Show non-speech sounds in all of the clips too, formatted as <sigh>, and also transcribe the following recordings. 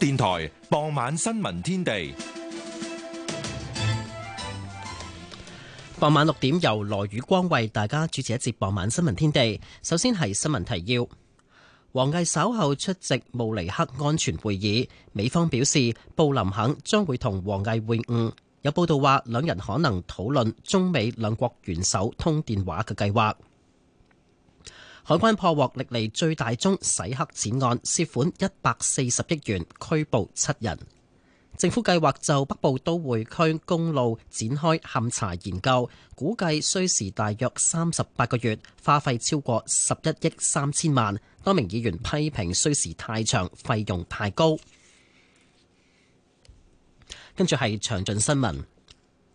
電台傍晚新聞天地，傍晚六點由羅宇光為大家主持一節傍晚新聞天地。首先係新聞提要：王毅稍後出席慕尼黑安全會議，美方表示布林肯將會同王毅會晤，有報道話，兩人可能討論中美兩國元首通電話嘅計劃。海關破獲歷嚟最大宗洗黑錢案，涉款一百四十億元，拘捕七人。政府計劃就北部都會區公路展開勘查研究，估計需時大約三十八個月，花費超過十一億三千萬。多名議員批評需時太長，費用太高。跟住係詳盡新聞。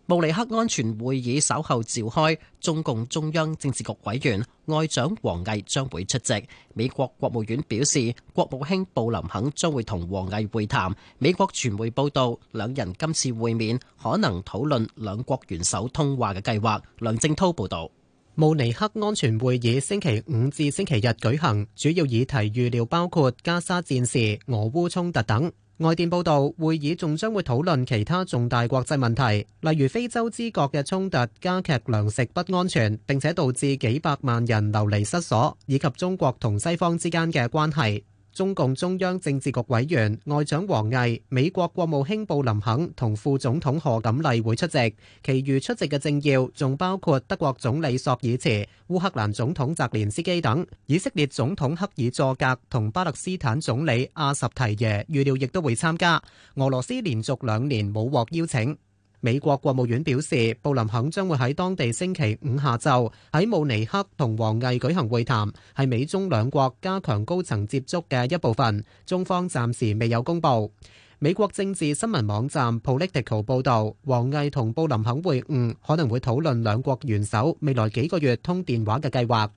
慕尼黑安全會議稍後召開，中共中央政治局委員外長王毅將會出席。美國國務院表示，國務卿布林肯將會同王毅會談。美國傳媒報道，兩人今次會面可能討論兩國元首通話嘅計劃。梁正滔報導。慕尼黑安全會議星期五至星期日舉行，主要議題預料包括加沙戰事、俄烏衝突等。外電報道，會議仲將會討論其他重大國際問題，例如非洲之角嘅衝突，加劇糧食不安全，並且導致幾百萬人流離失所，以及中國同西方之間嘅關係。中共中央政治局委員外長王毅、美國國務卿布林肯同副總統賀錦麗會出席，其餘出席嘅政要仲包括德國總理索爾茨、烏克蘭總統澤連斯基等，以色列總統克爾佐格同巴勒斯坦總理阿什提耶預料亦都會參加，俄羅斯連續兩年冇獲邀請。美國國務院表示，布林肯將會喺當地星期五下晝喺慕尼黑同王毅舉行會談，係美中兩國加強高層接觸嘅一部分。中方暫時未有公布。美國政治新聞網站《Politico》報導，王毅同布林肯會晤可能會討論兩國元首未來幾個月通電話嘅計劃。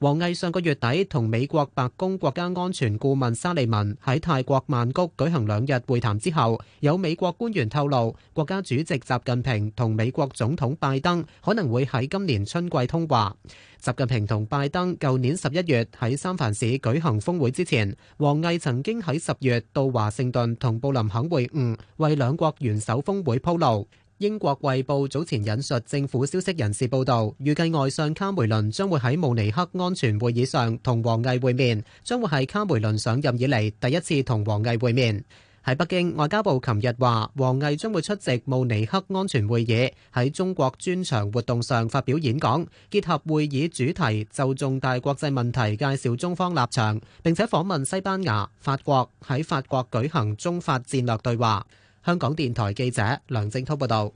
王毅上個月底同美國白宮國家安全顧問沙利文喺泰國曼谷舉行兩日會談之後，有美國官員透露，國家主席習近平同美國總統拜登可能會喺今年春季通話。習近平同拜登舊年十一月喺三藩市舉行峰會之前，王毅曾經喺十月到華盛頓同布林肯會晤，為兩國元首峰會鋪路。英國衛報早前引述政府消息人士報道，預計外相卡梅倫將會喺慕尼黑安全會議上同王毅會面，將會係卡梅倫上任以嚟第一次同王毅會面。喺北京，外交部琴日話，王毅將會出席慕尼黑安全會議，喺中國專場活動上發表演講，結合會議主題就重大國際問題介紹中方立場，並且訪問西班牙、法國，喺法國舉行中法戰略對話。香港電台記者梁正濤報道，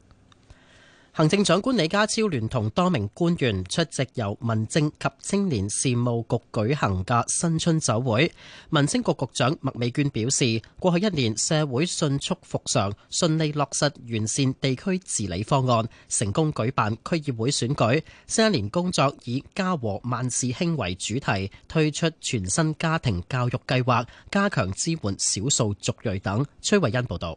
行政長官李家超聯同多名官員出席由民政及青年事務局舉行嘅新春酒會。民政局局長麥美娟表示，過去一年社會迅速復常，順利落實完善地區治理方案，成功舉辦區議會選舉。新一年工作以家和萬事興為主題，推出全新家庭教育計劃，加強支援少數族裔等。崔慧欣報道。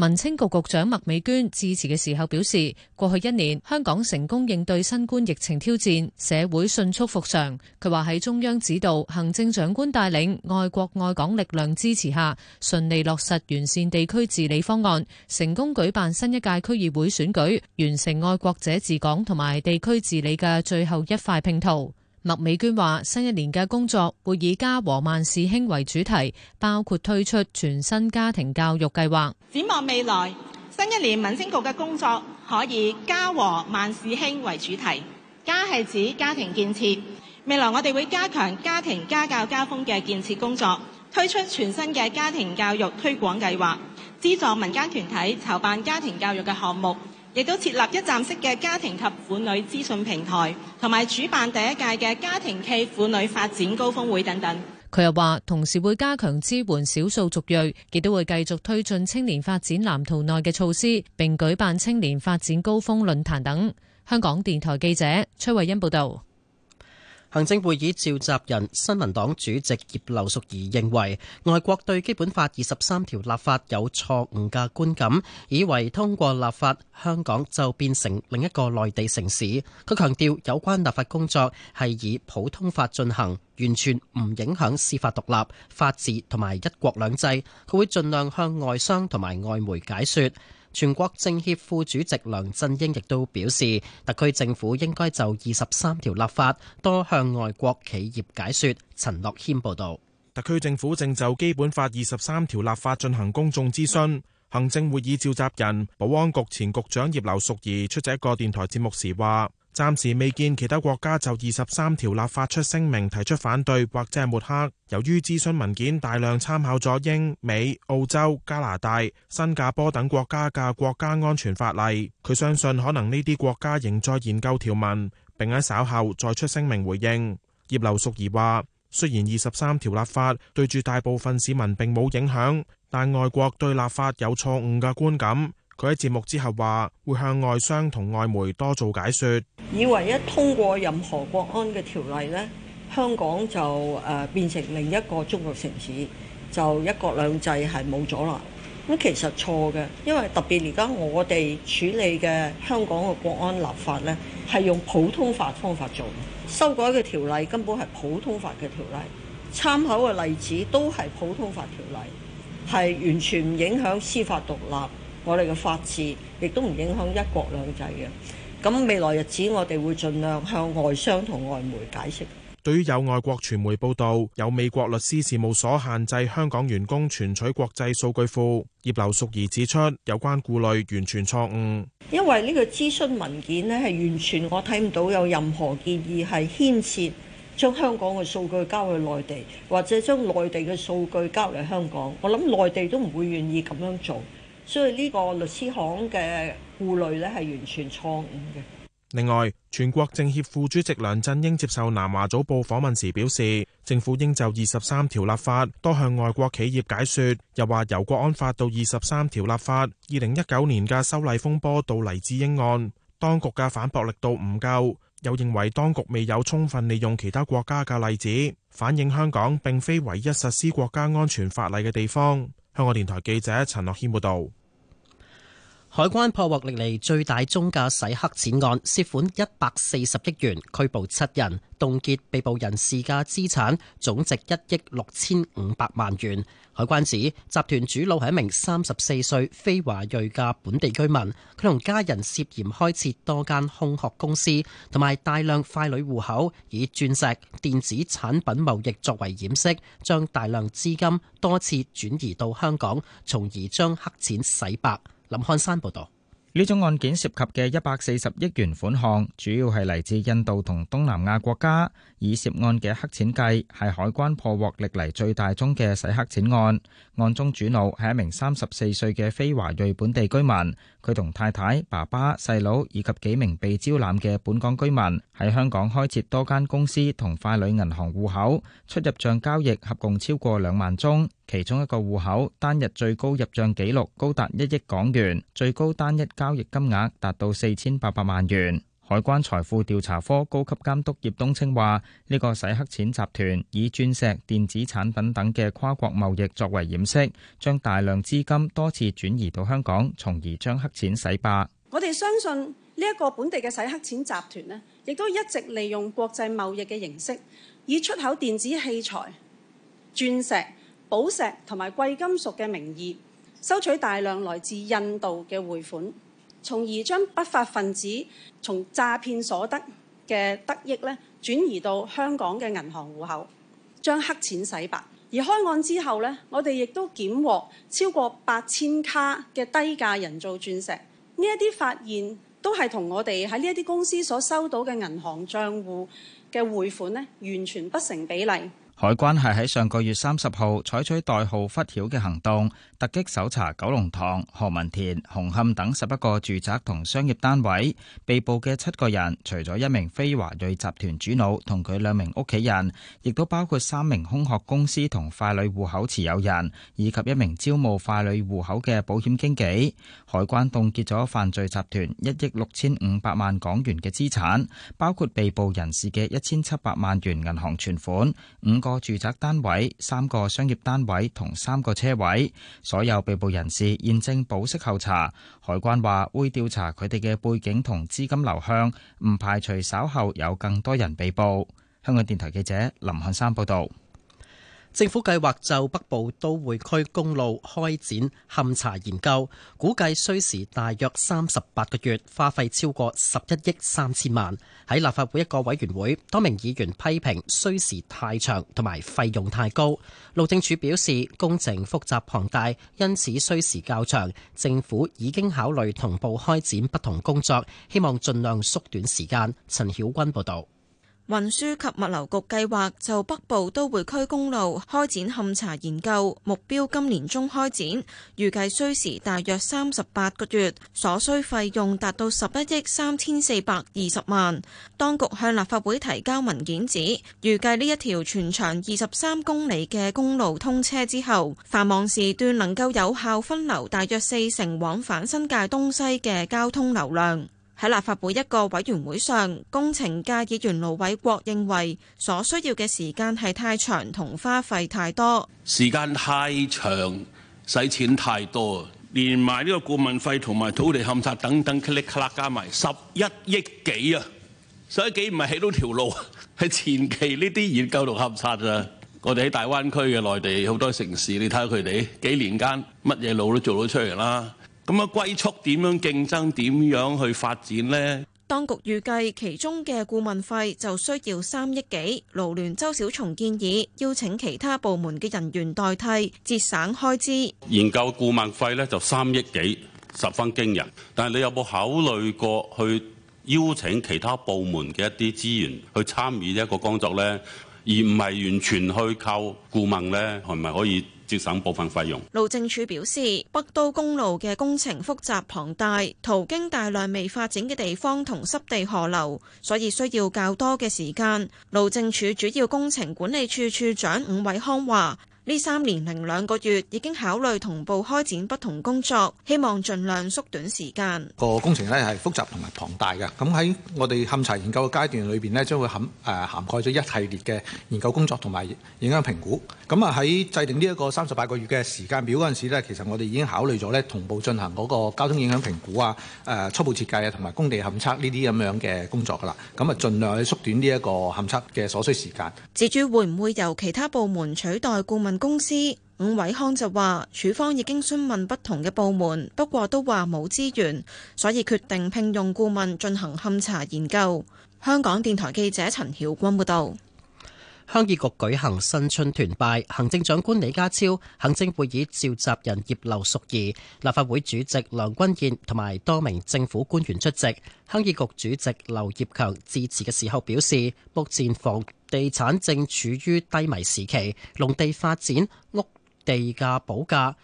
民青局局長麥美娟致辭嘅時候表示，過去一年香港成功應對新冠疫情挑戰，社會迅速復常。佢話喺中央指導、行政長官帶領、愛國愛港力量支持下，順利落實完善地區治理方案，成功舉辦新一屆區議會選舉，完成愛國者治港同埋地區治理嘅最後一塊拼圖。麥美娟話：新一年嘅工作會以家和萬事興為主題，包括推出全新家庭教育計劃。展望未來，新一年民政局嘅工作可以家和萬事興為主題。家係指家庭建設，未來我哋會加強家庭、家教、家風嘅建設工作，推出全新嘅家庭教育推廣計劃，資助民間團體籌辦家庭教育嘅項目。亦都設立一站式嘅家庭及婦女資訊平台，同埋主辦第一屆嘅家庭暨婦女發展高峰會等等。佢又話，同時會加強支援少數族裔，亦都會繼續推進青年發展藍圖內嘅措施，並舉辦青年發展高峰論壇等。香港電台記者崔慧欣報道。行政會議召集人、新民黨主席葉劉淑儀認為，外國對《基本法》二十三條立法有錯誤嘅觀感，以為通過立法，香港就變成另一個內地城市。佢強調，有關立法工作係以普通法進行，完全唔影響司法獨立、法治同埋一國兩制。佢會盡量向外商同埋外媒解說。全國政協副主席梁振英亦都表示，特區政府應該就二十三條立法，多向外國企業解說。陳樂謙報道，特區政府正就《基本法》二十三條立法進行公眾諮詢。行政會議召集人、保安局前局長葉劉淑儀出席一個電台節目時話。暫時未見其他國家就二十三條立法，出聲明提出反對或者係抹黑。由於諮詢文件大量參考咗英、美、澳洲、加拿大、新加坡等國家嘅國家安全法例，佢相信可能呢啲國家仍在研究條文，並喺稍後再出聲明回應。葉劉淑儀話，雖然二十三條立法對住大部分市民並冇影響，但外國對立法有錯誤嘅觀感。佢喺節目之後話：會向外商同外媒多做解説。以為一通過任何國安嘅條例呢，香港就誒變成另一個中國城市，就一國兩制係冇咗啦。咁其實錯嘅，因為特別而家我哋處理嘅香港嘅國安立法呢，係用普通法方法做修改嘅條例，根本係普通法嘅條例，參考嘅例子都係普通法條例，係完全唔影響司法獨立。我哋嘅法治亦都唔影響一國兩制嘅。咁未來日子我哋會盡量向外商同外媒解釋。對於有外國傳媒報道，有美國律師事務所限制香港員工存取國際數據庫，葉劉淑儀指出，有關顧慮完全錯誤，因為呢個諮詢文件咧係完全我睇唔到有任何建議係牽涉將香港嘅數據交去內地，或者將內地嘅數據交嚟香港。我諗內地都唔會願意咁樣做。所以呢個律師行嘅顧慮咧，係完全錯誤嘅。另外，全國政協副主席梁振英接受南華早報訪問時表示，政府應就二十三條立法多向外國企業解說，又話由國安法到二十三條立法，二零一九年嘅修例風波到黎智英案，當局嘅反駁力度唔夠，又認為當局未有充分利用其他國家嘅例子，反映香港並非唯一實施國家安全法例嘅地方。香港電台記者陳樂謙報道。海關破獲歷嚟最大宗嘅洗黑錢案，涉款一百四十億元，拘捕七人，凍結被捕人士嘅資產總值一億六千五百萬元。海關指集團主腦係一名三十四歲非華裔嘅本地居民，佢同家人涉嫌開設多間空殼公司，同埋大量傀儡戶口，以鑽石、電子產品貿易作為掩飾，將大量資金多次轉移到香港，從而將黑錢洗白。林漢山報道：呢種案件涉及嘅一百四十億元款項，主要係嚟自印度同東南亞國家。以涉案嘅黑錢計，係海關破獲歷嚟最大宗嘅洗黑錢案,案。案中主腦係一名三十四歲嘅非華裔本地居民。佢同太太、爸爸、細佬以及幾名被招攬嘅本港居民喺香港開設多間公司同快女銀行戶口，出入賬交易合共超過兩萬宗。其中一個戶口單日最高入賬記錄高達一億港元，最高單一交易金額達到四千八百萬元。海關財富調查科高級監督葉東青話：呢個洗黑錢集團以鑽石、電子產品等嘅跨國貿易作為掩飾，將大量資金多次轉移到香港，從而將黑錢洗白。我哋相信呢一個本地嘅洗黑錢集團呢，亦都一直利用國際貿易嘅形式，以出口電子器材、鑽石。寶石同埋貴金屬嘅名義收取大量來自印度嘅匯款，從而將不法分子從詐騙所得嘅得益咧轉移到香港嘅銀行戶口，將黑錢洗白。而開案之後呢，我哋亦都檢獲超過八千卡嘅低價人造鑽石，呢一啲發現都係同我哋喺呢一啲公司所收到嘅銀行帳戶嘅匯款咧完全不成比例。海關係喺上個月三十號採取代號忽曉嘅行動。突擊搜查九龍塘何文田紅磡等十一個住宅同商業單位，被捕嘅七個人，除咗一名非華裔集團主腦同佢兩名屋企人，亦都包括三名空殼公司同傀儡戶口持有人，以及一名招募傀儡戶口嘅保險經紀。海關凍結咗犯罪集團一億六千五百萬港元嘅資產，包括被捕人士嘅一千七百萬元銀行存款、五個住宅單位、三個商業單位同三個車位。所有被捕人士現正保釋候查，海關話會調查佢哋嘅背景同資金流向，唔排除稍後有更多人被捕。香港電台記者林漢山報道。政府計劃就北部都會區公路開展勘查研究，估計需時大約三十八個月，花費超過十一億三千萬。喺立法會一個委員會，多名議員批評需時太長同埋費用太高。路政署表示，工程複雜龐大，因此需時較長。政府已經考慮同步開展不同工作，希望盡量縮短時間。陳曉君報導。運輸及物流局計劃就北部都會區公路開展勘查研究，目標今年中開展，預計需時大約三十八個月，所需費用達到十一億三千四百二十萬。當局向立法會提交文件指，預計呢一條全長二十三公里嘅公路通車之後，繁忙時段能夠有效分流大約四成往返新界東西嘅交通流量。喺立法會一個委員會上，工程界議員盧偉國認為所需要嘅時間係太長同花費太多。時間太長，使錢太多，連埋呢個顧問費同埋土地勘測等等，咔哩咔啦加埋十一億幾啊！十一億幾唔係起到條路，係前期呢啲研究同勘測啊！我哋喺大灣區嘅內地好多城市，你睇下佢哋幾年間乜嘢路都做到出嚟啦。咁啊，龜速點樣競爭？點樣去發展咧？當局預計其中嘅顧問費就需要三億幾。勞聯周小松建議邀請其他部門嘅人員代替，節省開支。研究顧問費咧就三億幾，十分驚人。但係你有冇考慮過去邀請其他部門嘅一啲資源去參與呢一個工作咧？而唔係完全去靠顧問咧，係咪可以？節省部分費用。路政署表示，北都公路嘅工程複雜龐大，途經大量未發展嘅地方同濕地河流，所以需要較多嘅時間。路政署主要工程管理處處長伍偉康話。呢三年零兩個月已經考慮同步開展不同工作，希望儘量縮短時間。個工程呢係複雜同埋龐大嘅，咁喺我哋勘查研究嘅階段裏邊呢，將會涵誒涵蓋咗一系列嘅研究工作同埋影響評估。咁啊喺制定呢一個三十八個月嘅時間表嗰陣時咧，其實我哋已經考慮咗呢同步進行嗰個交通影響評估啊、誒、呃、初步設計啊同埋工地勘測呢啲咁樣嘅工作㗎啦。咁啊，儘量去縮短呢一個勘測嘅所需時間。至於會唔會由其他部門取代顧問？公司伍偉康就話：處方已經詢問不同嘅部門，不過都話冇資源，所以決定聘用顧問進行勘查研究。香港電台記者陳曉君報道。鄉議局舉行新春團拜，行政長官李家超、行政會議召集人葉劉淑儀、立法會主席梁君彥同埋多名政府官員出席。鄉議局主席劉業強致辭嘅時候表示，目前房地產正處於低迷時期，農地發展屋地價補價，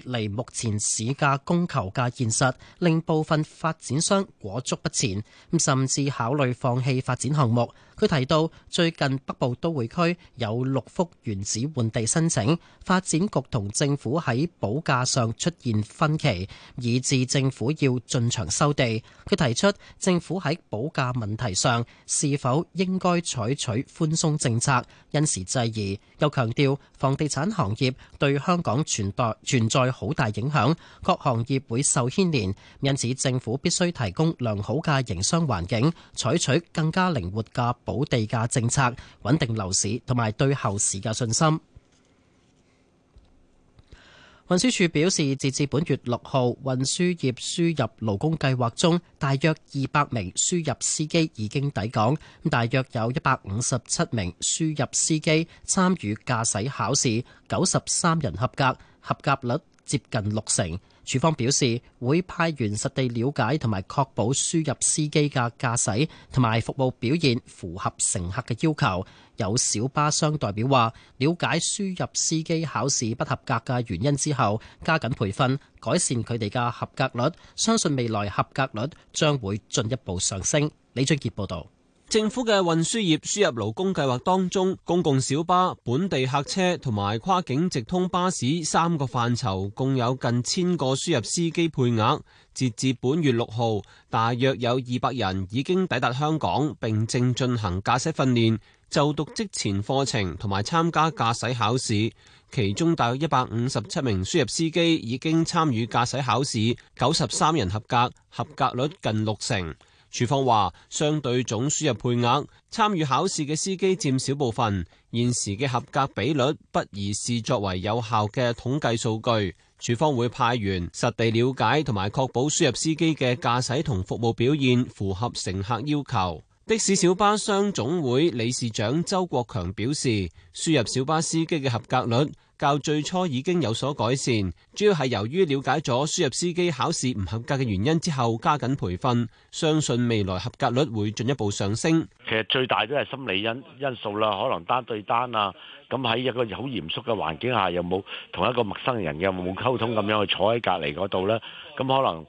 脫離目前市價供求嘅現實，令部分發展商裹足不前，甚至考慮放棄發展項目。佢提到最近北部都會區有六幅原址換地申請，發展局同政府喺保價上出現分歧，以致政府要進場收地。佢提出政府喺保價問題上是否應該採取寬鬆政策，因時制宜。又強調房地產行業對香港存在存在好大影響，各行業會受牽連，因此政府必須提供良好嘅營商環境，採取更加靈活嘅保地價政策，穩定樓市同埋對後市嘅信心。運輸署表示，截至本月六號，運輸業輸入勞工計劃中，大約二百名輸入司機已經抵港，大約有一百五十七名輸入司機參與駕駛考試，九十三人合格，合格率，接近六成，署方表示會派員實地了解同埋確保輸入司機嘅駕駛同埋服務表現符合乘客嘅要求。有小巴商代表話，了解輸入司機考試不合格嘅原因之後，加緊培訓，改善佢哋嘅合格率，相信未來合格率將會進一步上升。李俊杰報道。政府嘅運輸業輸入勞工計劃當中，公共小巴、本地客車同埋跨境直通巴士三個範疇，共有近千個輸入司機配額。截至本月六號，大約有二百人已經抵達香港，並正進行駕駛訓練、就讀職前課程同埋參加駕駛考試。其中大約一百五十七名輸入司機已經參與駕駛考試，九十三人合格，合格率近六成。署方話，相對總輸入配額，參與考試嘅司機佔少部分，現時嘅合格比率不宜視作為有效嘅統計數據。署方會派員實地了解同埋確保輸入司機嘅駕駛同服務表現符合乘客要求。 <noise> 的士小巴商總會理事長周國強表示，輸入小巴司機嘅合格率，較最初已經有所改善，主要係由於了解咗輸入司機考試唔合格嘅原因之後，加緊培訓，相信未來合格率會進一步上升。其實最大都係心理因因素啦，可能單對單啊，咁喺一個好嚴肅嘅環境下，又冇同一個陌生人又冇溝通咁樣去坐喺隔籬嗰度咧，咁可能。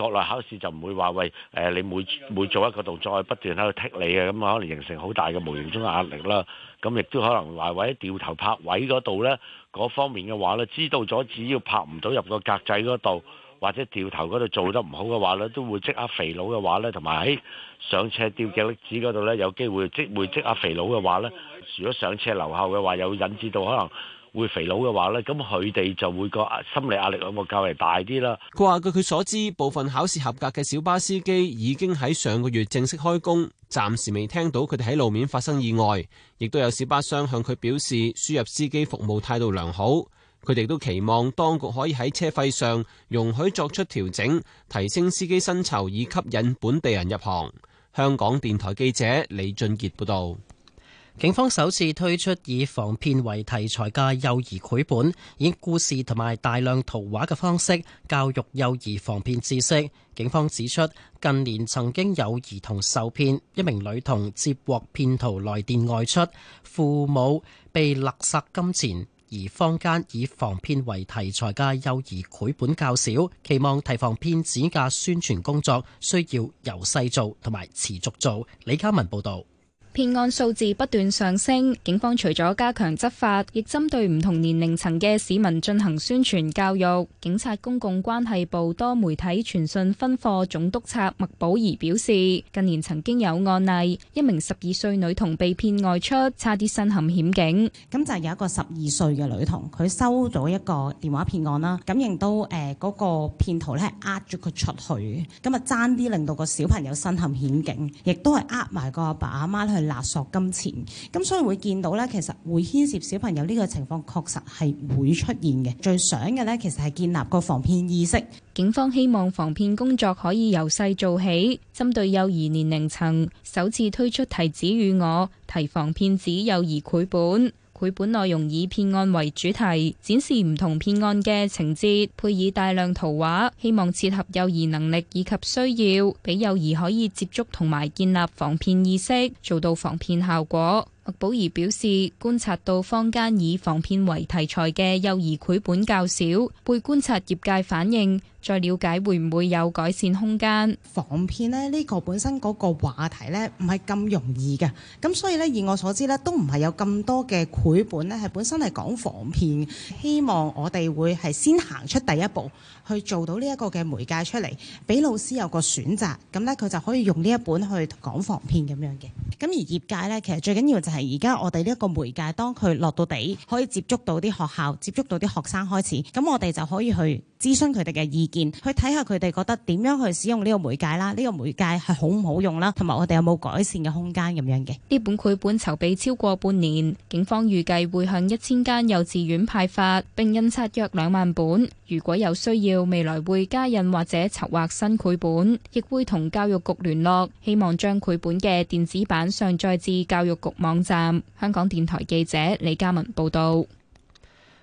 國內考試就唔會話喂，誒、呃、你每每做一個動作，不斷喺度剔你嘅，咁可能形成好大嘅無形中壓力啦。咁亦都可能話或者掉頭拍位嗰度呢，嗰方面嘅話呢，知道咗只要拍唔到入個格仔嗰度，或者掉頭嗰度做得唔好嘅話呢，都會積壓肥佬嘅話呢，同埋喺上斜吊鏡子嗰度呢，有機會積會積壓肥佬嘅話呢，如果上斜留後嘅話，又會引致到可能。會肥佬嘅話呢，咁佢哋就會個心理壓力咁啊，較為大啲啦。佢話據佢所知，部分考試合格嘅小巴司機已經喺上個月正式開工，暫時未聽到佢哋喺路面發生意外，亦都有小巴商向佢表示輸入司機服務態度良好，佢哋都期望當局可以喺車費上容許作出調整，提升司機薪酬以吸引本地人入行。香港電台記者李俊杰報道。警方首次推出以防騙為題材嘅幼兒繪本，以故事同埋大量圖畫嘅方式教育幼兒防騙知識，警方指出，近年曾經有兒童受騙，一名女童接獲騙徒來電外出，父母被勒索金錢，而坊間以防騙為題材嘅幼兒繪本較少，期望提防騙子嘅宣傳工作需要由細做同埋持續做。李嘉文報道。騙案數字不斷上升，警方除咗加強執法，亦針對唔同年齡層嘅市民進行宣傳教育。警察公共關係部多媒體傳訊分科總督察麥寶儀表示，近年曾經有案例，一名十二歲女童被騙外出，差啲身陷險境。咁就有一個十二歲嘅女童，佢收咗一個電話騙案啦。咁認到誒嗰個騙徒咧，呃咗佢出去，咁啊爭啲令到個小朋友身陷險境，亦都係呃埋個阿爸阿媽去。勒索金錢，咁所以會見到咧，其實會牽涉小朋友呢個情況，確實係會出現嘅。最想嘅咧，其實係建立個防騙意識。警方希望防騙工作可以由細做起，針對幼兒年齡層首次推出《提子與我提防騙子》幼兒繪本。繪本內容以騙案為主題，展示唔同騙案嘅情節，配以大量圖畫，希望切合幼兒能力以及需要，俾幼兒可以接觸同埋建立防騙意識，做到防騙效果。麥寶儀表示觀察到坊間以防騙為題材嘅幼兒繪本較少，會觀察業界反應，再了解會唔會有改善空間。防騙咧呢個本身嗰個話題呢，唔係咁容易嘅，咁所以呢，以我所知呢，都唔係有咁多嘅繪本呢係本身係講防騙。希望我哋會係先行出第一步，去做到呢一個嘅媒介出嚟，俾老師有個選擇，咁呢，佢就可以用呢一本去講防騙咁樣嘅。咁而業界呢，其實最緊要就。係而家我哋呢一個媒介，當佢落到地，可以接觸到啲學校，接觸到啲學生開始，咁我哋就可以去。諮詢佢哋嘅意見，去睇下佢哋覺得點樣去使用呢個媒介啦，呢個媒介係好唔好用啦，同埋我哋有冇改善嘅空間咁樣嘅。呢本繪本籌備超過半年，警方預計會向一千間幼稚園派發，並印刷約兩萬本。如果有需要，未來會加印或者籌劃新繪本，亦會同教育局聯絡，希望將繪本嘅電子版上載至教育局網站。香港電台記者李嘉文報道。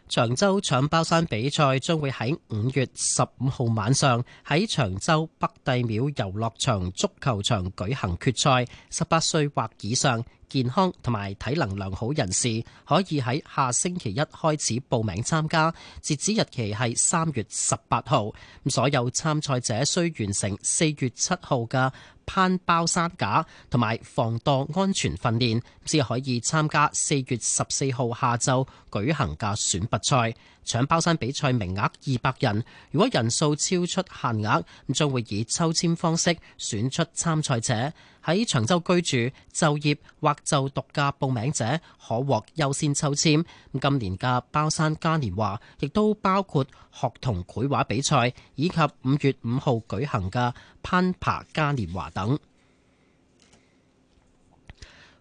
長洲搶包山比賽將會喺五月十五號晚上喺長洲北帝廟遊樂場足球場舉行決賽，十八歲或以上，健康同埋體能良好人士可以喺下星期一開始報名參加，截止日期係三月十八號。所有參賽者需完成四月七號嘅攀包山架同埋防墮安全訓練，先可以參加四月十四號下晝舉行嘅選拔賽。搶包山比賽名額二百人，如果人數超出限額，咁將會以抽簽方式選出參賽者。喺長洲居住、就業或就讀嘅報名者可獲優先抽簽。今年嘅包山嘉年華亦都包括學童繪畫比賽，以及五月五號舉行嘅攀爬嘉年華等。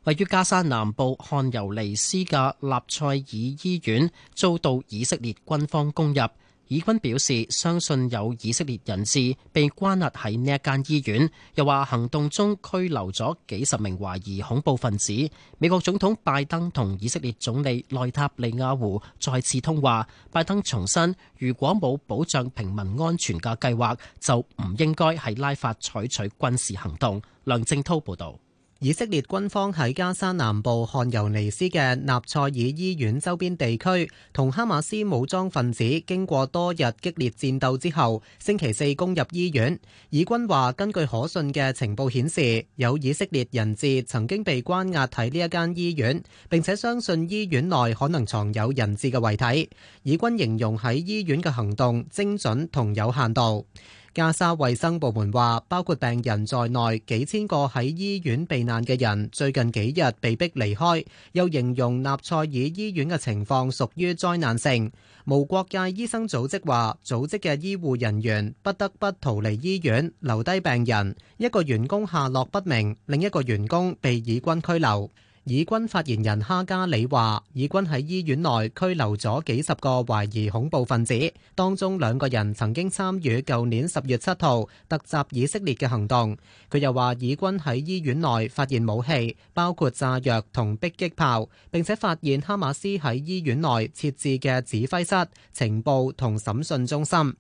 位於加沙南部漢尤尼斯嘅納賽爾醫院遭到以色列軍方攻入，以軍表示相信有以色列人士被關押喺呢一間醫院，又話行動中拘留咗幾十名懷疑恐怖分子。美國總統拜登同以色列總理內塔尼亞胡再次通話，拜登重申如果冇保障平民安全嘅計劃，就唔應該喺拉法採取軍事行動。梁正滔報導。以色列軍方喺加沙南部汗尤尼斯嘅納賽爾醫院周邊地區，同哈馬斯武裝分子經過多日激烈戰鬥之後，星期四攻入醫院。以軍話，根據可信嘅情報顯示，有以色列人質曾經被關押喺呢一間醫院，並且相信醫院內可能藏有人質嘅遺體。以軍形容喺醫院嘅行動精准同有限度。加沙衛生部門話，包括病人在內幾千個喺醫院避難嘅人，最近幾日被迫離開。又形容納賽爾醫院嘅情況屬於災難性。無國界醫生組織話，組織嘅醫護人員不得不逃離醫院，留低病人。一個員工下落不明，另一個員工被以軍拘留。以軍發言人哈加里話，以軍喺醫院內拘留咗幾十個懷疑恐怖分子，當中兩個人曾經參與舊年十月七號突襲以色列嘅行動。佢又話，以軍喺醫院內發現武器，包括炸藥同迫擊炮，並且發現哈馬斯喺醫院內設置嘅指揮室、情報同審訊中心。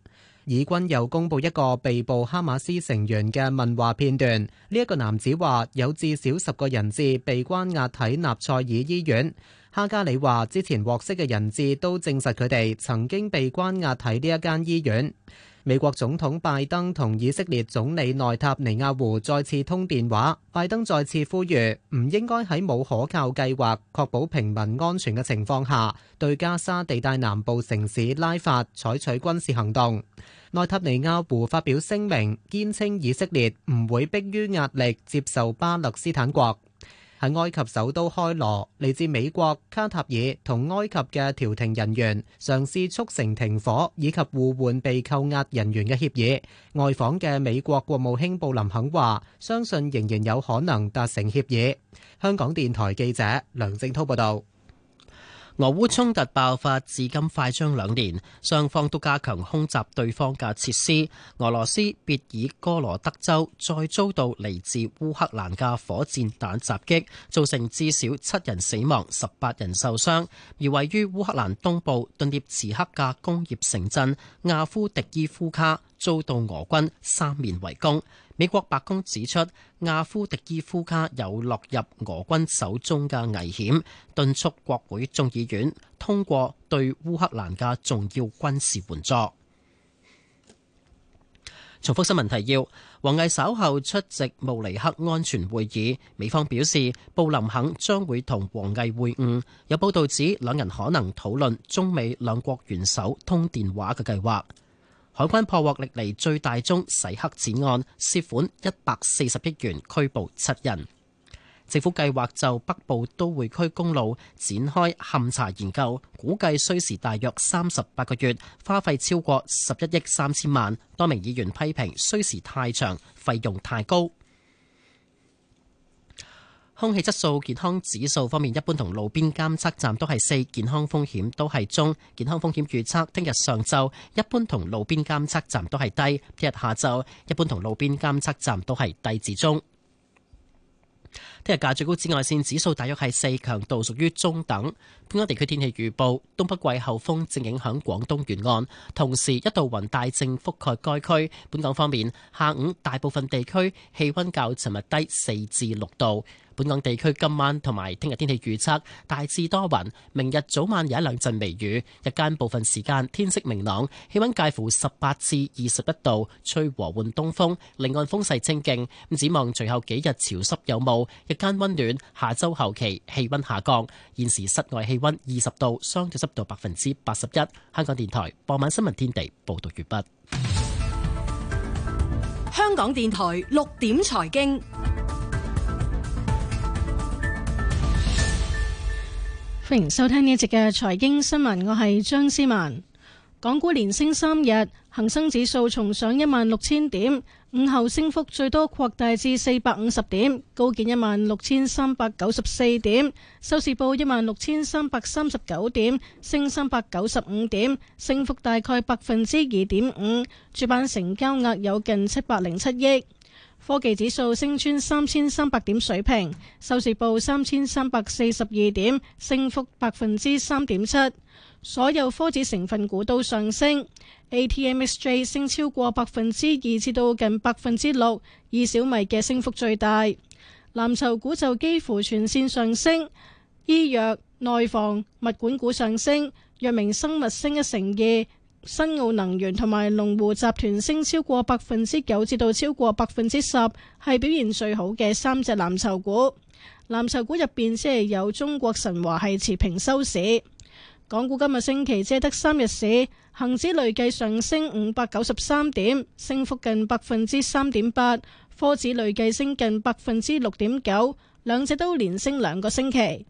以軍又公布一個被捕哈馬斯成員嘅問話片段。呢、這、一個男子話有至少十個人質被關押喺納賽爾醫院。哈加里話，之前獲釋嘅人質都證實佢哋曾經被關押喺呢一間醫院。，美國總統拜登同以色列總理內塔尼亞胡再次通電話。拜登再次呼籲，唔應該喺冇可靠計劃確保平民安全嘅情況下，對加沙地帶南部城市拉法採取軍事行動。內塔尼亞胡發表聲明，堅稱以色列唔會迫於壓力接受巴勒斯坦國。喺埃及首都開羅，嚟自美國卡塔爾同埃及嘅調停人員嘗試促成停火，以及互換被扣押人員嘅協議。外訪嘅美國國務卿布林肯話相信仍然有可能達成協議，香港電台記者梁正濤報道。俄烏衝突爆發至今快將兩年，雙方都加強空襲對方嘅設施。俄羅斯別爾哥羅德州再遭到嚟自烏克蘭嘅火箭彈襲擊，造成至少七人死亡、十八人受傷。而位於烏克蘭東部頓涅茨克嘅工業城鎮亞夫迪伊夫卡遭到俄軍三面圍攻。美國白宮指出，亞夫迪伊夫卡有落入俄軍手中嘅危險，敦促國會眾議院通過對烏克蘭嘅重要軍事援助。重複新聞提要：王毅稍後出席慕尼黑安全會議，美方表示布林肯將會同王毅會晤，有報道指兩人可能討論中美兩國元首通電話嘅計劃。海關破獲歷嚟最大宗洗黑錢案，涉款一百四十億元，拘捕七人。政府計劃就北部都會區公路展開勘查研究，估計需時大約三十八個月，花費超過十一億三千萬。多名議員批評需時太長，費用太高。空氣質素健康指數方面，一般同路邊監測站都係四，健康風險都係中。健康風險預測聽日上晝一般同路邊監測站都係低，聽日下晝一般同路邊監測站都係低至中。聽日嘅最高紫外線指數大約係四，強度屬於中等。本港地區天氣預報：東北季候風正影響廣東沿岸，同時一道雲帶正覆蓋該區。本港方面，下午大部分地區氣温較尋日低四至六度。本港地區今晚同埋聽日天氣預測大致多雲，明日早晚有一兩陣微雨，日間部分時間天色明朗，氣温介乎十八至二十一度，吹和緩東風。離岸風勢清勁，咁展望隨後幾日潮濕有霧，日間温暖。下周後期氣温下降，現時室外氣温二十度，相對濕度百分之八十一。香港電台傍晚新聞天地報道完畢。香港電台六點財經。歡迎收聽呢一節嘅財經新聞，我係張思曼。港股連升三日，恒生指數重上一萬六千點，午後升幅最多擴大至四百五十點，高見一萬六千三百九十四點，收市報一萬六千三百三十九點，升三百九十五點，升幅大概百分之二點五。主板成交額有近七百零七億。科技指數升穿三千三百點水平，收市報三千三百四十二點，升幅百分之三點七。所有科指成分股都上升，ATMXJ 升超過百分之二至到近百分之六，以小米嘅升幅最大。藍籌股就幾乎全線上升，醫藥、內房、物管股上升，藥明生物升一成二。新奧能源同埋龍湖集團升超過百分之九，至到超過百分之十，係表現最好嘅三隻藍籌股。藍籌股入邊只係有中國神華係持平收市。港股今日星期只得三日市，恒指累計上升五百九十三點，升幅近百分之三點八；科指累計升近百分之六點九，兩者都連升兩個星期。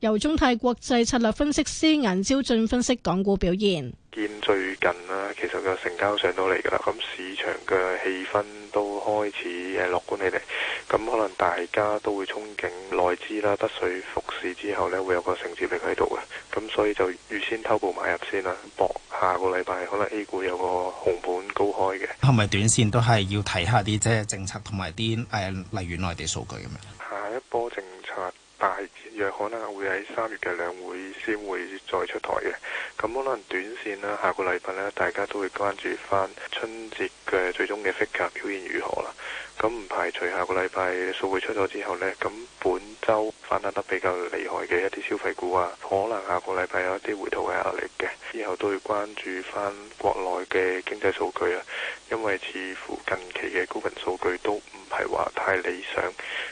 由中泰國際策略分析師顏招駿分析港股表現。見最近呢，其實個成交上到嚟噶啦，咁市場嘅氣氛都開始誒樂觀起嚟。咁可能大家都會憧憬內資啦，得稅復市之後呢，會有個承接力喺度嘅。咁所以就預先偷步買入先啦，搏下個禮拜可能 A 股有個紅盤高開嘅。係咪短線都係要睇下啲即係政策同埋啲誒，例如內地數據咁樣？下一波政策。大約可能會喺三月嘅兩會先會再出台嘅，咁可能短線啦、啊，下個禮拜呢，大家都會關注翻春節嘅最終嘅 figure 表現如何啦。咁唔排除下個禮拜嘅數據出咗之後咧，咁本周反彈得比較厲害嘅一啲消費股啊，可能下個禮拜有一啲回吐嘅壓力嘅。之後都會關注翻國內嘅經濟數據啊，因為似乎近期嘅高頻數據都唔係話太理想。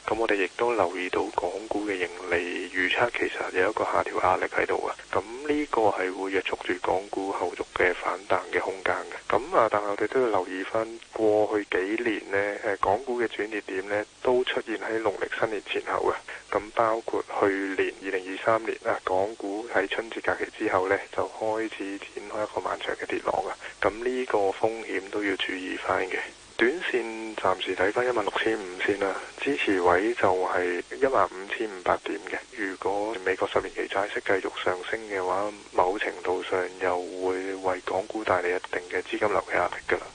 咁我哋亦都留意到港股嘅盈利預測其實有一個下調壓力喺度啊。咁呢個係會約束住港股後續嘅反彈嘅空間嘅。咁啊，但係我哋都要留意翻過去幾年咧，誒。港。港股嘅轉跌點呢都出現喺農曆新年前後㗎。咁包括去年二零二三年啊，港股喺春節假期之後呢，就開始展開一個漫長嘅跌落噶。咁呢個風險都要注意翻嘅。短線暫時睇翻一萬六千五線啦，支持位就係一萬五千五百點嘅。如果美國十年期債息繼續上升嘅話，某程度上又會為港股帶嚟一定嘅資金流嘅壓力噶啦。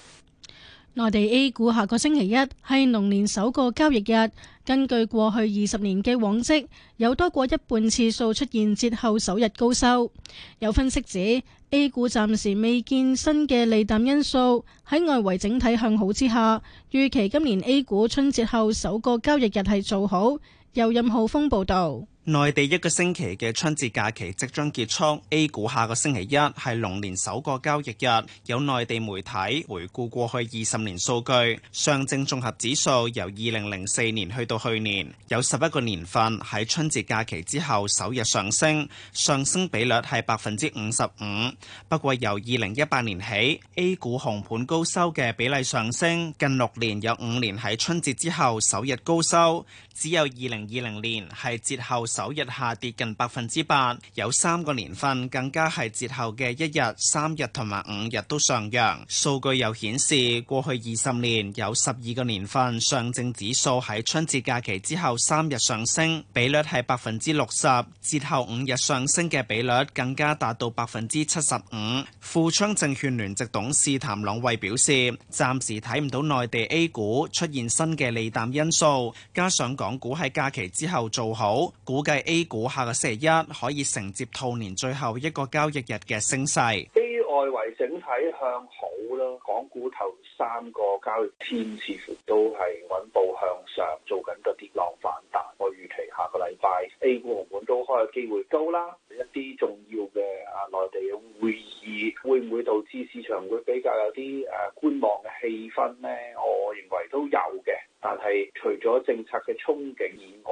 內地 A 股下個星期一係農年首個交易日，根據過去二十年嘅往績，有多過一半次數出現節後首日高收。有分析指，A 股暫時未見新嘅利淡因素，喺外圍整體向好之下，預期今年 A 股春節後首個交易日係做好。由任浩峰報道。內地一個星期嘅春節假期即將結束，A 股下個星期一係龍年首個交易日。有內地媒體回顧過去二十年數據，上證綜合指數由二零零四年去到去年，有十一個年份喺春節假期之後首日上升，上升比率係百分之五十五。不過由二零一八年起，A 股紅盤高收嘅比例上升，近六年有五年喺春節之後首日高收，只有二零二零年係節後。九日下跌近百分之八，有三個年份更加係節後嘅一日、三日同埋五日都上揚。數據又顯示，過去二十年有十二個年份上證指數喺春節假期之後三日上升，比率係百分之六十；節後五日上升嘅比率更加達到百分之七十五。富昌證券聯席董事譚朗慧表示，暫時睇唔到內地 A 股出現新嘅利淡因素，加上港股喺假期之後做好股。估計 A 股下個星期一可以承接兔年最後一個交易日嘅升勢。A 外圍整體向好咯，港股頭三個交易天似乎都係穩步向上，做緊個跌浪反彈。我預期下個禮拜 A 股紅盤都開嘅機會高啦。一啲重要嘅啊內地嘅會議會唔會導致市場會比較有啲誒觀望嘅氣氛呢？我認為都有嘅，但係除咗政策嘅憧憬以外。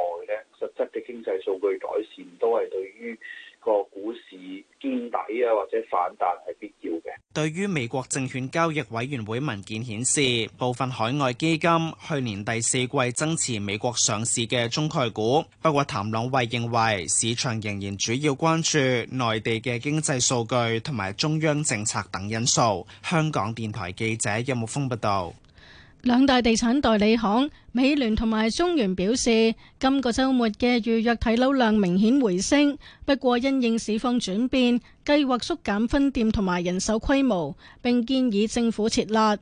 嘅經濟數據改善都係對於個股市見底啊或者反彈係必要嘅。對於美國證券交易委員會文件顯示，部分海外基金去年第四季增持美國上市嘅中概股。不過，譚朗慧認為市場仍然主要關注內地嘅經濟數據同埋中央政策等因素。香港電台記者任木風報道。兩大地產代理行美聯同埋中原表示，今個周末嘅預約睇樓量明顯回升，不過因應市況轉變，計劃縮減分店同埋人手規模，並建議政府設立。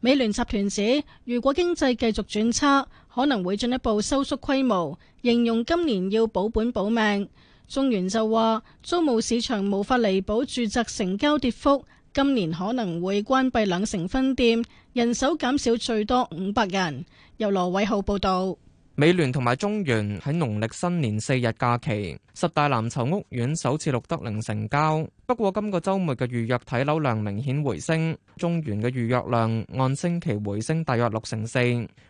美聯集團指，如果經濟繼續轉差，可能會進一步收縮規模，形容今年要保本保命。中原就話，租務市場無法彌補住宅成交跌幅。今年可能會關閉兩成分店，人手減少最多五百人。由羅偉浩報導。美聯同埋中原喺農曆新年四日假期，十大藍籌屋苑首次錄得零成交。不過今個週末嘅預約睇樓量明顯回升，中原嘅預約量按星期回升大約六成四，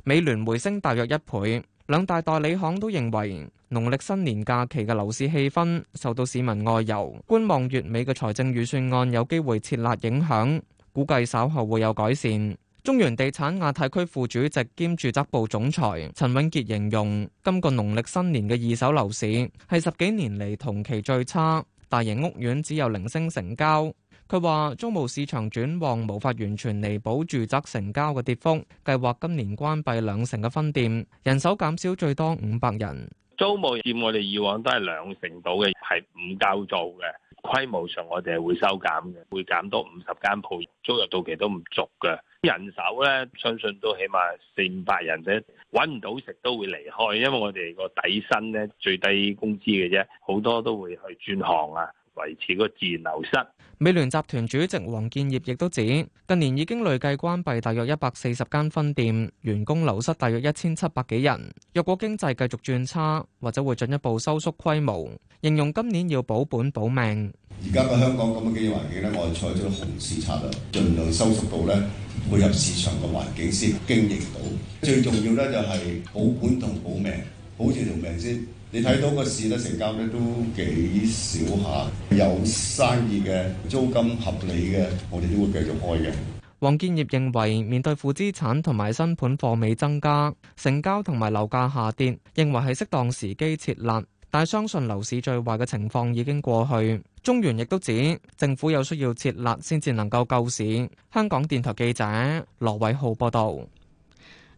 美聯回升大約一倍。兩大代理行都認為，農曆新年假期嘅樓市氣氛，受到市民外遊、觀望月尾嘅財政預算案有機會撤辣影響，估計稍後會有改善。中原地產亞太區副主席兼住宅部總裁陳永傑形容，今、這個農曆新年嘅二手樓市係十幾年嚟，同期最差，大型屋苑只有零星成交。佢話：租務市場轉旺，無法完全彌補住宅成交嘅跌幅。計劃今年關閉兩成嘅分店，人手減少最多五百人。租務佔我哋以往都係兩成到嘅，係唔夠做嘅。規模上，我哋係會收減嘅，會減多五十間鋪，租入到期都唔足嘅。人手咧，相信都起碼四五百人啫，揾唔到食都會離開，因為我哋個底薪咧，最低工資嘅啫，好多都會去轉行啊，維持個自然流失。美聯集團主席黃建業亦都指，近年已經累計關閉大約一百四十間分店，員工流失大約一千七百幾人。若果經濟繼續轉差，或者會進一步收縮規模。形容今年要保本保命。而家嘅香港咁嘅經濟環境呢，我哋採取紅市策略，盡量收縮到呢配合市場嘅環境先經營到。最重要呢就係保本同保命，保住條命先。你睇到個市咧成交咧都幾少下，有生意嘅租金合理嘅，我哋都會繼續開嘅。黃建業認為面對負資產同埋新盤貨尾增加、成交同埋樓價下跌，認為係適當時機設立，但相信樓市最壞嘅情況已經過去。中原亦都指政府有需要設立先至能夠救市。香港電台記者羅偉浩報道。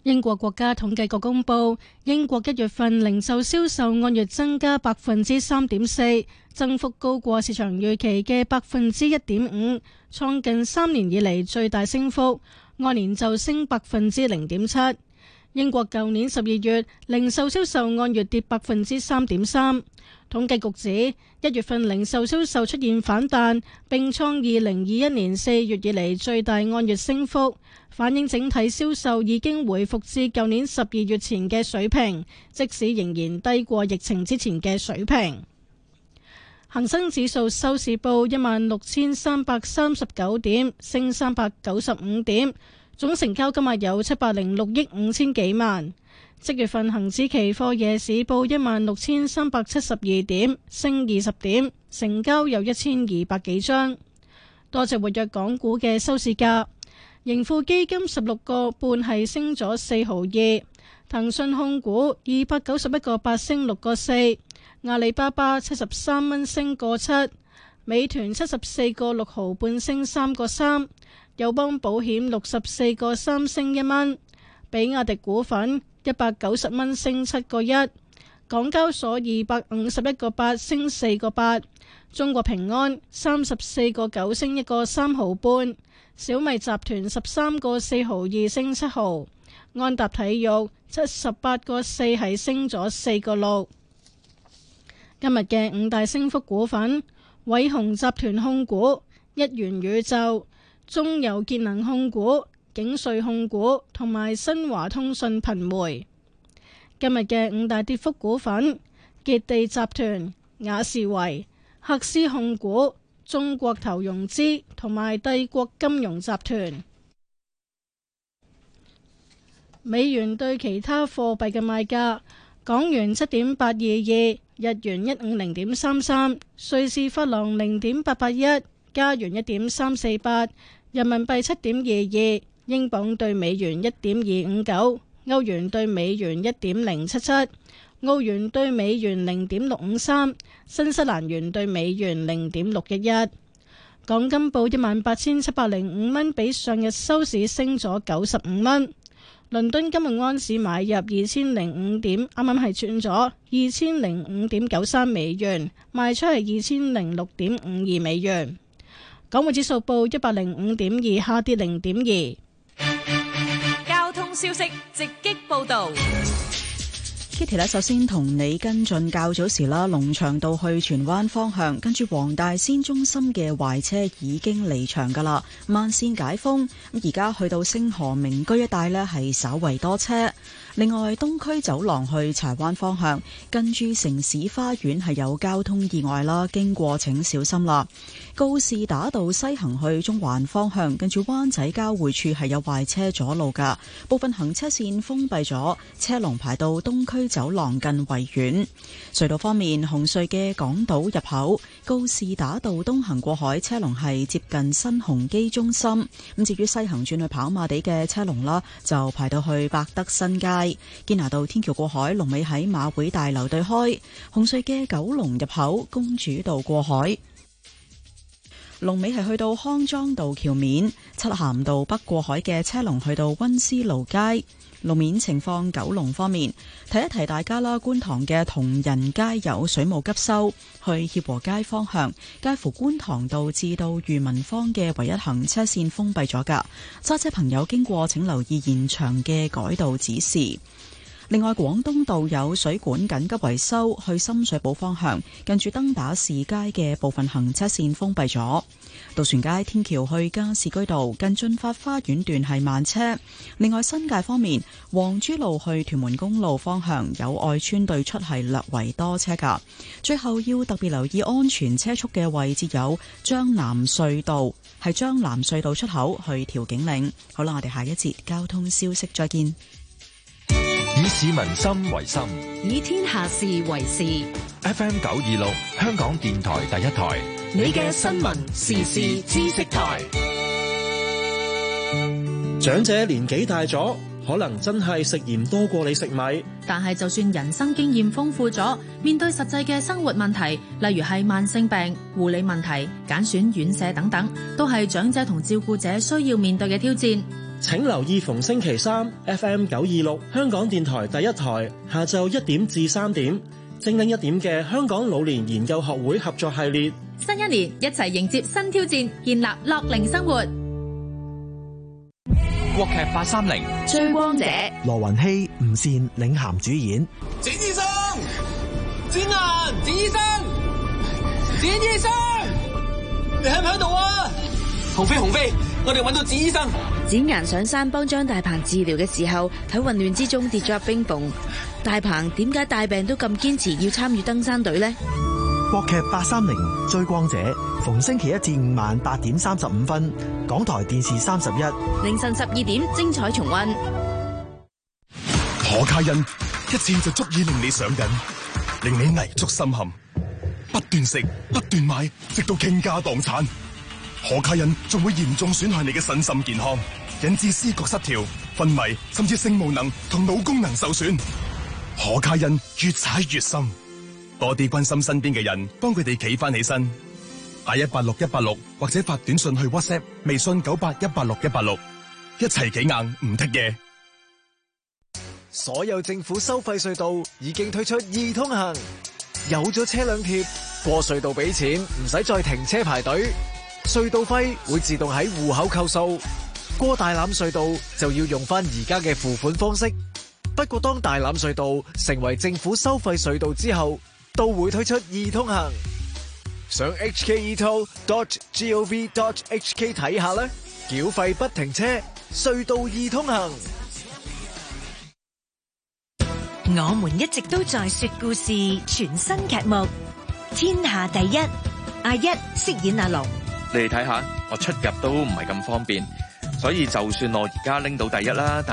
英國國家統計局公布，英國一月份零售銷售按月增加百分之三點四，增幅高過市場預期嘅百分之一點五，創近三年以嚟最大升幅，按年就升百分之零點七。英國舊年十二月零售銷售按月跌百分之三點三，統計局指一月份零售銷售出現反彈，並創二零二一年四月以嚟最大按月升幅，反映整體銷售已經回復至舊年十二月前嘅水平，即使仍然低過疫情之前嘅水平。恒生指數收市報一萬六千三百三十九點，升三百九十五點。總成交今日有七百零六億五千幾萬。即月份恒指期貨夜市報一萬六千三百七十二點，升二十點，成交有一千二百幾張。多隻活躍港股嘅收市價，盈富基金十六個半係升咗四毫二，騰訊控股二百九十一個八升六個四，阿里巴巴七十三蚊升個七，美團七十四個六毫半升三個三。友邦保險六十四個三升一蚊，比亞迪股份一百九十蚊升七個一，港交所二百五十一個八升四個八，中國平安三十四個九升一個三毫半，小米集團十三個四毫二升七毫，安踏體育七十八個四係升咗四個六。今日嘅五大升幅股份：偉鴻集團控股、一元宇宙。中油節能控股、景瑞控股同埋新華通訊頻媒。今日嘅五大跌幅股份：杰地集團、雅士維、赫斯控股、中國投融資同埋帝國金融集團。美元對其他貨幣嘅賣價：港元七點八二二，日元一五零點三三，瑞士法郎零點八八一，加元一點三四八。人民幣七點二二，英鎊兌美元一點二五九，歐元兌美元一點零七七，澳元兌美元零點六五三，新西蘭元兌美元零點六一一。港金報一萬八千七百零五蚊，比上日收市升咗九十五蚊。倫敦今日安市買入二千零五點，啱啱係轉咗二千零五點九三美元，賣出係二千零六點五二美元。港匯指數報一百零五點二，下跌零點二。交通消息直擊報道，Kitty 首先同你跟進較早時啦，龍翔道去荃灣方向跟住黃大仙中心嘅壞車已經離場噶啦，慢線解封。咁而家去到星河名居一帶呢係稍為多車。另外東區走廊去柴灣方向跟住城市花園係有交通意外啦，經過請小心啦。告士打道西行去中環方向，跟住灣仔交匯處係有壞車阻路噶，部分行車線封閉咗，車龍排到東區走廊近維園。隧道方面，紅隧嘅港島入口，告士打道東行過海車龍係接近新鴻基中心，咁至於西行轉去跑馬地嘅車龍啦，就排到去百德新街，堅拿道天橋過海，龍尾喺馬會大樓對開，紅隧嘅九龍入口，公主道過海。龍尾係去到康莊道橋面。七咸道北過海嘅車龍，去到温思勞街路面情況。九龍方面，提一提大家啦，觀塘嘅同仁街有水務急修，去協和街方向介乎觀塘道至到漁民坊嘅唯一行車線封閉咗噶，揸車朋友經過請留意現場嘅改道指示。另外，廣東道有水管緊急維修，去深水埗方向近住登打士街嘅部分行車線封閉咗。渡船街天橋去加士居道近駿發花園段係慢車。另外，新界方面，黃珠路去屯門公路方向有外村對出係略為多車㗎。最後要特別留意安全車速嘅位置有將南隧道，係將南隧道出口去調景嶺。好啦，我哋下一節交通消息再見。以民心為心，以天下事為事。FM 九二六，香港電台第一台，你嘅新聞時事知識台。長者年紀大咗，可能真係食鹽多過你食米。但係就算人生經驗豐富咗，面對實際嘅生活問題，例如係慢性病、護理問題、揀選院舍等等，都係長者同照顧者需要面對嘅挑戰。請留意逢星期三 F M 九二六香港電台第一台下晝一點至三點精靈一點嘅香港老年研究學會合作系列。新一年一齊迎接新挑戰，建立樂齡生活。國劇八三零追光者，羅雲熙、吳倩領銜主演。展醫生，展眼，展醫生，展醫生，你喺唔喺度啊？紅飛，紅飛。我哋搵到展醫生，展顏，上山幫張大鵬治療嘅時候，喺混亂之中跌咗入冰縫。大鵬點解帶病都咁堅持要參與登山隊呢？國劇八三零追光者，逢星期一至五晚八點三十五分，港台電視三十一，凌晨十二點精彩重温。可卡因一次就足以令你上癮，令你泥足深陷，不斷食不斷買，直到傾家蕩產。何可卡因仲會嚴重損害你嘅身心健康，引致思覺失調、昏迷，甚至性無能同腦功能受損。何可卡因越踩越深，多啲關心身邊嘅人，幫佢哋企返起身。打一八六一八六或者發短信去 WhatsApp、微信九八一八六一八六，一齊企硬唔得嘢。所有政府收費隧道已經推出易通行，有咗車輛貼過隧道俾錢，唔使再停車排隊。隧道費會自動喺戶口扣數，過大欖隧道就要用翻而家嘅付款方式。不過當大欖隧道成為政府收費隧道之後，都會推出易通行。上 hketo.gov.hk 睇下啦，繳費不停車，隧道易通行。我們一直都在說故事，全新劇目，天下第一，阿一飾演阿龍。你哋睇下，我出入都唔係咁方便，所以就算我而家拎到第一啦。